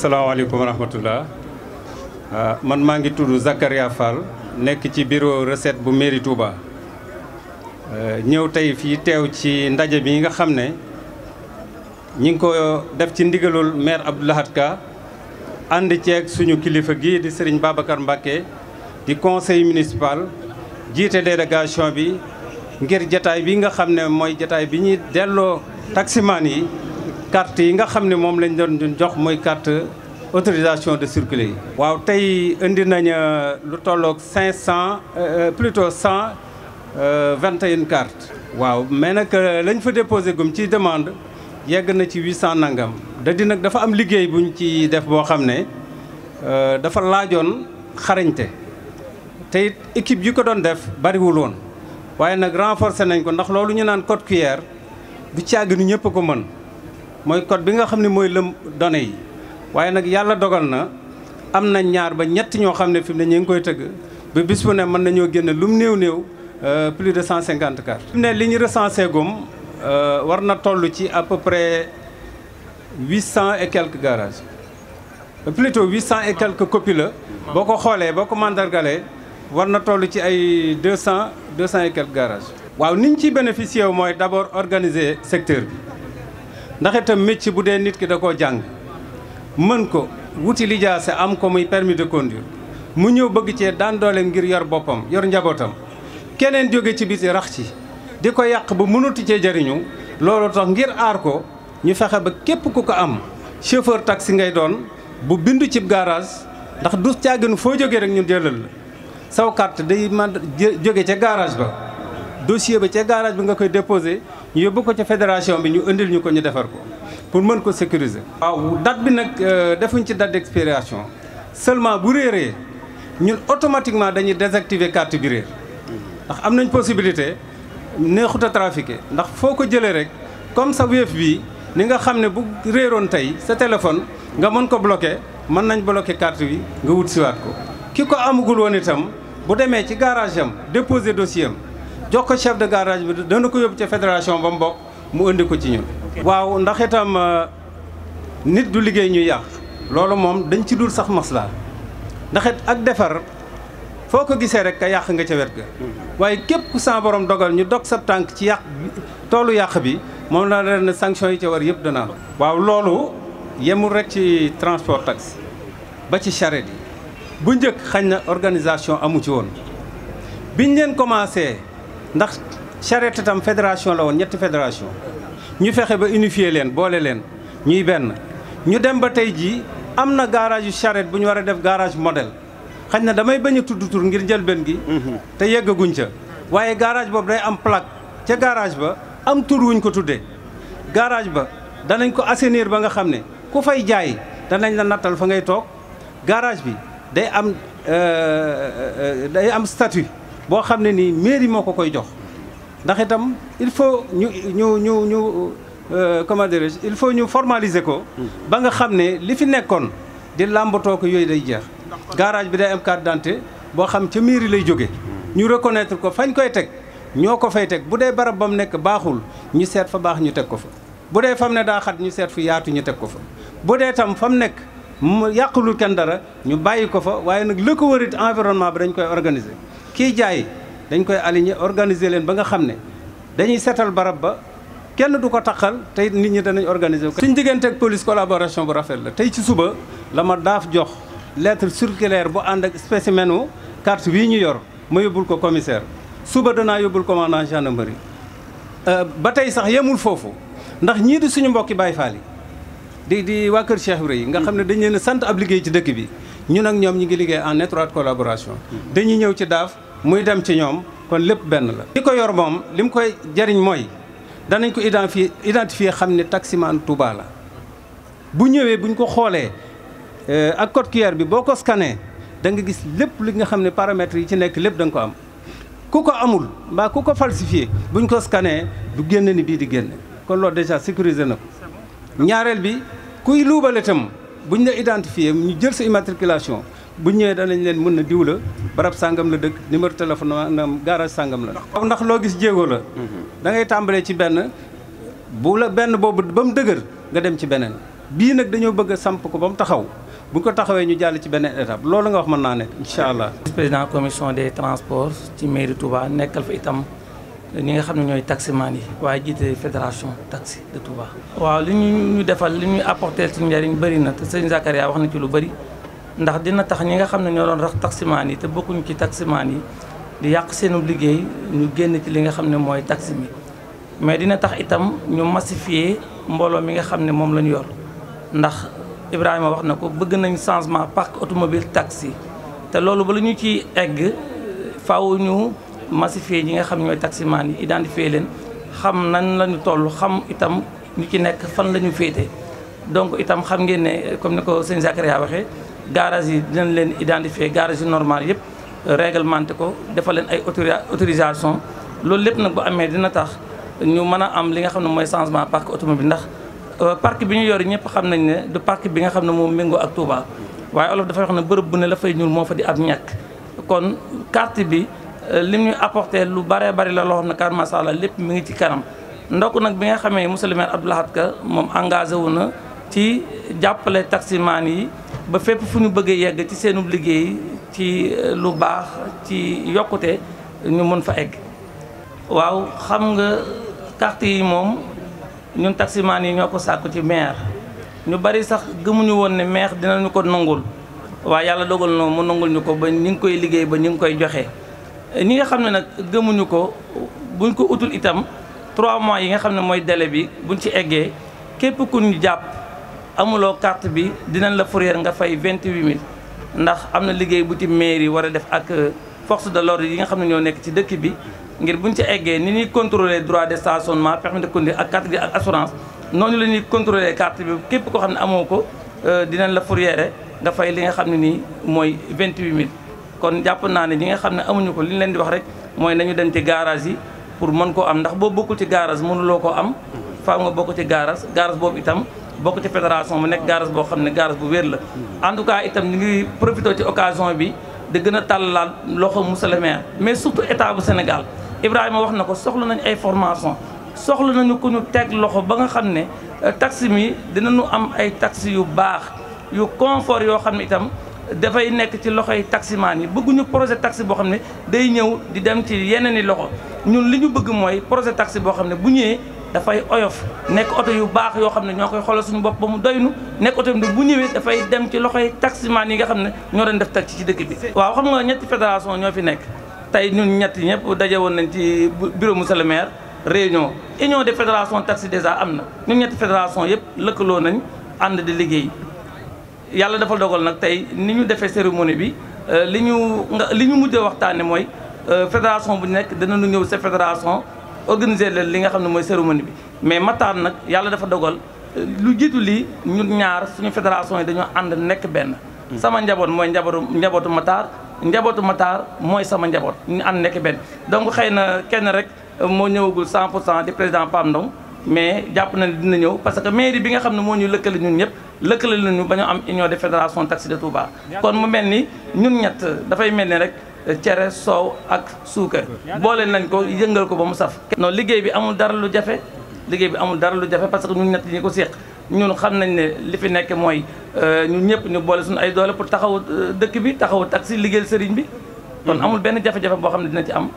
asalaamaaleykum wa rahmatullah ah, man maa ngi tudd Zakaria Fall nekk ci bureau recette bu mairie Touba ah, ñëw tey fii teew ci ndaje bi nga xam ne ñi ngi ko def ci ndigalul maire Abdou Lahad ànd ceeg suñu kilifa gi di Serigne Babacar Mbacké di conseil municipal jiite délégation bi ngir jataay bi nga xam ne mooy jataay bi ñuy delloo taximaan yi carte yi nga xam ne moom lañ doon jox mooy carte autorisation de circuler yi. waaw tey indi nañ euh, lu tolloog cinq cent euh, euh, pluto cent vingt et une waaw mais nag lañ fa déposé gum ci demande yegg na ci huit cent nangam. da di nag dafa am liggéey buñ ci def boo xam ne dafa laajoon xarañte te it équipe yi ko doon def bariwul woon waaye nag renforcer nañ ko ndax loolu ñu naan code QR du caag ni ñëpp ko mën. mooy code bi nga xam ne mooy lëm données yi waaye nag yàlla dogal na am na ñaar ba ñett ñoo xam ne fi mu ne ñu ngi koy tëgg ba bis bu ne mën nañoo génne lum néew néew euh, plus de cent cinquante cartes. fi mu ne li ñu recensé gum euh, war na toll ci à peu huit cent et quelques garages plutôt cent et quelques copies la boo ko xoolee boo ko mandargalee war na toll ci ay deux cent deux cent et quelques waaw ni ñu ciy bénéficié wu mooy d' abord organiser secteur bi. ndax itam métier bu dee nit ki da koo jàng mën ko wuti lijaase am ko muy permis de mu ñëw bëgg cee daan doole ngir yor boppam yor njabootam keneen jóge ci bi biti rax ci di ko yàq ba mënatu cee jariñu loolu tax ngir aar ko ñu fexe ba képp ku ko am chauffeur taxi ngay doon bu bindu cib garage ndax du caagin foo jóge rek ñu jëlal la saw carte day man jóge ca garage ba dossier ba ca garage bi nga koy déposé ñu yóbbu ko ca fédération bi ñu indil ñu ko ñu defar ko pour mën ko sécuriser. waaw date bi nag euh, defuñ ci date d'expiration seulement bu réeree ñun automatiquement dañuy désactiver carte bi réer ndax am nañ possibilité neexut a trafiquer ndax foo ko jëlee rek comme sa Wave bii ni nga xam ne bu réeroon tey sa téléphone nga mën ko bloquer mën nañ bloquer carte bi nga wut siwaat ko ki ko amagul woon itam bu demee ci garage déposé déposer dossier jox ko chef de garage bi dana ko yóbbu ca fédération ba mu mu indi ko ci ñun. waaw ndax itam euh, nit du liggéey ñuy yàq loolu moom dañ ci dul sax maslaa ndax ak defar foo ko gisee rek ka yàq nga ca wet ga mm-hmm. waaye képp ku sa borom dogal ñu dog sa tànk ci yàq toolu yàq bi moom la leen ne sanction yi ca war yëpp dana waaw loolu yemul rek ci transport taxi ba ci charrette yi bu njëkk xañ na organisation amu ci woon biñ leen commencé. ndax charrette itam fédération la woon ñetti fédération ñu fexe ba unifier leen boole leen ñuy benn ñu dem ba tey jii am na garage yu charrette bu ñu war a def garage modèle xañ na damay bañ a tudd tur ngir njëlbeen gi mhm. te yeggaguñ ca waaye garage boobu day am plaque ca garage ba am tur wuñ ko tuddee garage ba danañ ko assainir ba nga xam ne ku fay jaay danañ la nattal fa ngay toog garage bi day am euh, euh, euh, day am statut boo xam ne nii mairie moo ko koy jox ndax itam il faut ñu ñu ñu ñu euh, comment dirais-je il faut ñu formaliser ko ba nga xam ne li fi nekkoon di làmbatoo ko yooyu day jeex garage bi day am carte d'identité boo xam ca mairie lay jóge ñu reconnaître ko fañ koy teg ñoo ko fay teg bu dee barab ba mu nekk baaxul ñu seet fa baax ñu teg ko fa bu dee fam ne daa xat ñu seet fu yaatu ñu teg ko fa bu dee tam fam nekk mu yàqulul kenn dara ñu bàyyi ko fa waaye nag lë ko wërit environnement bi dañ koy organiser kii jaay dañ koy aligner organiser leen ba nga xam ne dañuy seetal barab ba kenn du ko taqal te nit ñi danañ organiser ko. suñ diggante ak police collaboration bu rafet la tey ci suba la ma daaf jox lettre circulaire bu ànd ak spécimen wu carte bii ñu yor ma yóbbul ko commissaire suba danaa yóbbul commandant gendarmerie euh, ba tey sax yemul foofu ndax ñii di suñu mbokki Baay Faal yi di di waa kër Cheikh Ibrahima yi nga xam ne dañ leen sant ab liggéey ci dëkk bi. ñun nag ñoom ñu ngi liggéey en étroite collaboration dañuy ñëw ci daaf muy dem ci ñoom kon lépp benn la li ko yor moom li mu koy jariñ mooy danañ ko identifier identifier xam ne taximaan Touba la bu ñëwee buñ ko xoolee euh, ak code QR bi boo ko scanné da nga gis lépp li nga xam ne paramètres yi ci nekk lépp da nga ko am ku ko amul mbaa ku ko falsifié buñ ko scanné du génn ni bii di génn kon loolu déjà sécurisé na ko ñaareel bi kuy luubale tam bu ñu la identifié ñu jël sa immatriculation buñ ñëwee danañ leen mën na diw la barab sàngam la dëkk numéro téléphone am garage sàngam la. waaw ndax loo gis jéego la. Mhm. da ngay tàmbalee ci benn bu la benn boobu ba mu dëgër nga dem ci beneen bii nag dañoo bëgg samp ko ba mu taxaw. bu ko taxawee ñu jàll ci beneen étape loolu nga wax mën naa nekk incha allah. président commission des transport ci mairie Touba nekkal fa itam. ñi nga xam ne ñooy taximaan yi waaye jiite fédération taxi de Touba. waaw li ñu ñu defal li ñuy apporté suñu njëriñ bëri na te sëñ Zakaria wax na ci lu bëri ndax dina tax ñi nga xam ne ñoo doon rax taximaan yi te bokkuñu ci taximaan yi di yàq seenu liggéey ñu génn ci li nga xam ne mooy taxi mi mais dina tax itam ñu massifier mbooloo mi nga xam ne moom la ñu yor ndax Ibrahima wax na ko bëgg nañ changement parc automobile taxi te loolu ba la ñu. massifier ñi nga xam ñooy taximaan yi identifier leen xam nan la ñu toll xam itam ñu ci nekk fan la ñu féete donc itam xam ngeen ne comme ni ko sëñ Zakaria waxee garage yi dinañ leen identifier garage yi normal yëpp réglementé ko defal leen ay autorisation loolu lépp nag bu amee dina tax ñu mën a am li nga xam ne mooy changement parc automobile ndax euh, parc bi ñu yor ñëpp xam nañ ne du parc bi nga xam ne moom méngoo ak Touba waaye olof dafa wax ne bërëb bu ne la fay ñuul moo fa di ab ñàkk kon carte bi lim ñu apporté lu bare bari la loo xam ne kar lépp mu ngi ci kanam ndokk nag bi nga xamee monsieur le maire Abdou Lahad moom engagé wu na ci jàppale taximaan yi ba fépp fu ñu bëggee yegg ci seenu liggéey ci euh, lu baax ci yokkute ñu mën fa egg waaw xam nga carte yi moom ñun taximaan yi ñoo ko sàkku ci maire ñu bari sax gëmuñu woon ne maire dinañu ko nangul waaye yàlla dogal na mu nangul ñu ko ba ñu ngi koy liggéey ba ñu ngi koy joxe ñi nga xam ne nag gëmuñu ko buñ ko utul itam trois mois yi nga xam ne mooy délai bi buñ ci eggee képp ku ñu jàpp amuloo carte bi dinañ la fourrière nga fay vingt-huit mille ndax am na liggéey bu ci mairie war a def ak euh, force de l'ordre yi nga xam ne ñoo nekk ci dëkk bi ngir bu buñ ci eggee ni ñuy contrôler droit de stationnement permis de conduire ak carte bi ak assurance noonu la ñuy contrôler carte bi képp ko xam ne amoo ko euh, dinañ la fourrière nga fay li nga xam ne nii mooy vingt-huit mille kon jàpp naa ne ñi nga xam ne amuñu ko li ñu leen di wax rek mooy nañu dem ci garage yi pour mën koo am ndax boo bokkul ci garage mënuloo koo am faaw nga bokk ci garage garage boobu itam bokk ci fédération bu nekk garage boo xam ne garage bu wér la en tout cas itam ñu ngi profité ci occasion bi di gën a tàllalaat loxo monsieur le mais surtout état bu senegal Ibrahima wax na ko soxla nañ ay formation soxla nañu ku ñu teg loxo ba nga xam ne euh, taxi mi ñu am ay taxi yu baax yu confort yoo xam ne itam dafay nekk ci loxo loxoy taximaan yi bëgguñu projet taxi boo xam ne day ñëw di dem ci yeneen i loxo ñun li ñu bëgg mooy projet taxi boo xam ne bu ñëwee dafay oyof nekk oto yu baax yoo xam ne ñoo koy xoolal suñu bopp ba mu doy nu nekk oto bu ñëwee dafay dem ci loxoy taximaan yi nga xam ne ñoo doon def taxi ci dëkk bi. waaw xam nga ñetti fédération ñoo fi nekk tey ñun ñetti ñëpp daje woon nañ ci bureau monsieur le maire réunion union des fédérations taxi déjà am na ñun ñetti fédération yëpp lëkkaloo nañ ànd di liggéey. yàlla dafa dogal nag tey ni ñu defee cérémonie bi euh, li ñu li ñu mujj waxtaane mooy euh, fédération bu nekk danañu ñëw sa fédération organiser leen li nga xam ne mooy cérémonie bi mais Matar nag yàlla dafa dogal euh, lu jiitu lii ñun ñaar suñu fédération yi dañoo ànd nekk benn sama njaboot mooy njabootu njabootu Matar njabootu Matar mooy sama njaboot ñu ànd nekk benn donc xëy na kenn rek moo ñëwagul 100 pour cent di président Pam Ndong mais jàpp na ne dina ñëw parce que mairie bi nga xam ne moo ñu lëkkale ñun ñëpp lëkkale lu ñu ba ñu am union des fédérations taxi de Touba kon mu mel ni ñun ñett dafay mel ni rek cere soow ak suukar boole nañ ko yëngal ko ba mu saf non liggéey bi amul dara lu jafe liggéey bi amul dara lu jafe parce que ñun ñett ñi ko séq ñun xam nañ ne li fi nekk mooy euh, ñun ñëpp ñu boole suñu ay doole pour taxaw euh, dëkk bi taxaw taxi liggéeyal sëriñ bi kon mhm. amul benn jafe-jafe boo xam ne dina ci am